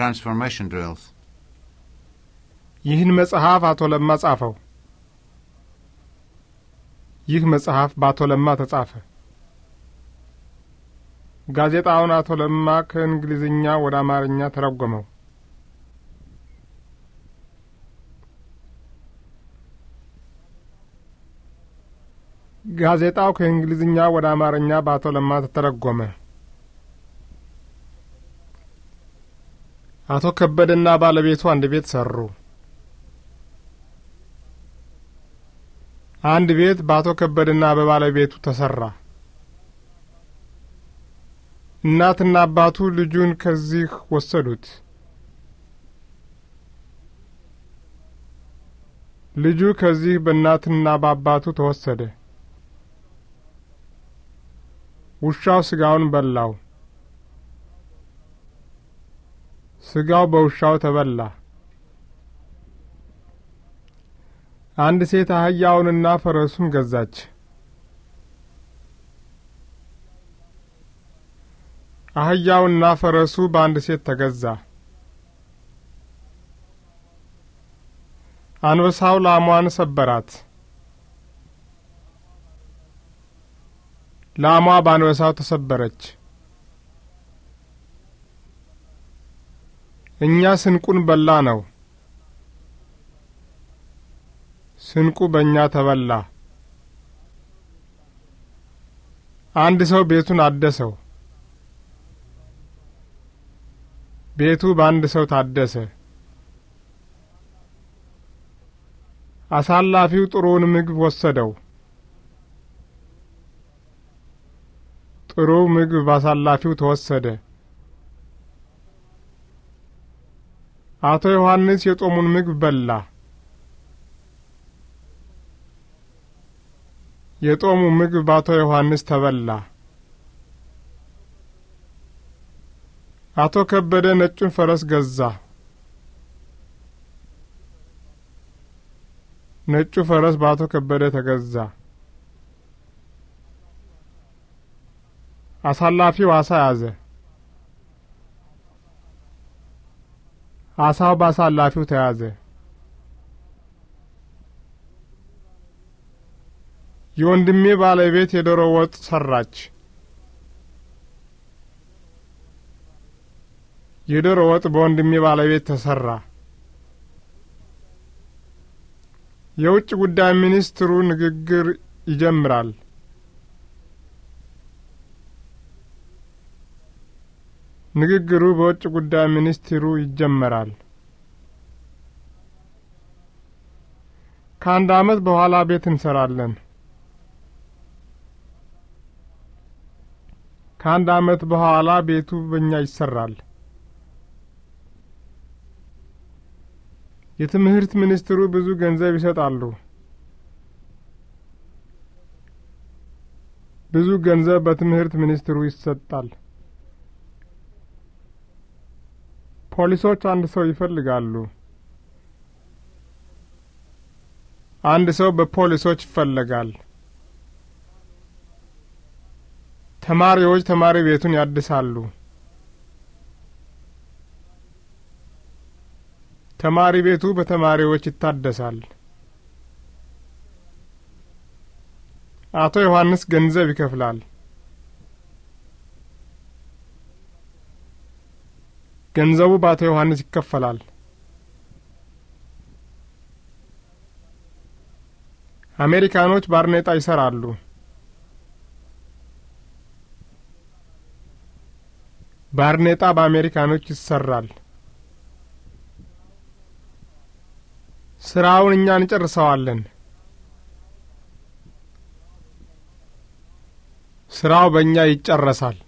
transformation drills ይህን መጽሐፍ አቶ ለማ ጻፈው። ይህ መጽሐፍ በአቶ ለማ ተጻፈ። ጋዜጣውን አቶ ለማ ከእንግሊዝኛ ወደ አማርኛ ተረጎመው። ጋዜጣው ከእንግሊዝኛ ወደ አማርኛ በአቶ ለማ ተተረጎመ። አቶ ከበደና ባለቤቱ አንድ ቤት ሰሩ። አንድ ቤት በአቶ ከበደና በባለቤቱ ተሰራ። እናትና አባቱ ልጁን ከዚህ ወሰዱት። ልጁ ከዚህ በእናትና በአባቱ ተወሰደ። ውሻው ስጋውን በላው። ስጋው በውሻው ተበላ። አንድ ሴት አህያውንና ፈረሱን ገዛች። አህያውና ፈረሱ በአንድ ሴት ተገዛ። አንበሳው ላሟን ሰበራት። ላሟ በአንበሳው ተሰበረች። እኛ ስንቁን በላ ነው። ስንቁ በእኛ ተበላ። አንድ ሰው ቤቱን አደሰው። ቤቱ በአንድ ሰው ታደሰ። አሳላፊው ጥሩውን ምግብ ወሰደው። ጥሩ ምግብ በአሳላፊው ተወሰደ። አቶ ዮሐንስ የጾሙን ምግብ በላ። የጦሙ ምግብ በአቶ ዮሐንስ ተበላ። አቶ ከበደ ነጩን ፈረስ ገዛ። ነጩ ፈረስ በአቶ ከበደ ተገዛ። አሳላፊው አሳ ያዘ። አሳው ባሳላፊው ተያዘ። የወንድሜ ባለቤት የዶሮ ወጥ ሰራች። የዶሮ ወጥ በወንድሜ ባለቤት ተሰራ። የውጭ ጉዳይ ሚኒስትሩ ንግግር ይጀምራል። ንግግሩ በውጭ ጉዳይ ሚኒስትሩ ይጀመራል። ከአንድ ዓመት በኋላ ቤት እንሰራለን። ከአንድ ዓመት በኋላ ቤቱ በእኛ ይሰራል። የትምህርት ሚኒስትሩ ብዙ ገንዘብ ይሰጣሉ። ብዙ ገንዘብ በትምህርት ሚኒስትሩ ይሰጣል። ፖሊሶች አንድ ሰው ይፈልጋሉ። አንድ ሰው በፖሊሶች ይፈለጋል። ተማሪዎች ተማሪ ቤቱን ያድሳሉ። ተማሪ ቤቱ በተማሪዎች ይታደሳል። አቶ ዮሐንስ ገንዘብ ይከፍላል። ገንዘቡ በአቶ ዮሐንስ ይከፈላል። አሜሪካኖች ባርኔጣ ይሰራሉ። ባርኔጣ በአሜሪካኖች ይሰራል። ስራውን እኛ እንጨርሰዋለን። ስራው በእኛ ይጨረሳል።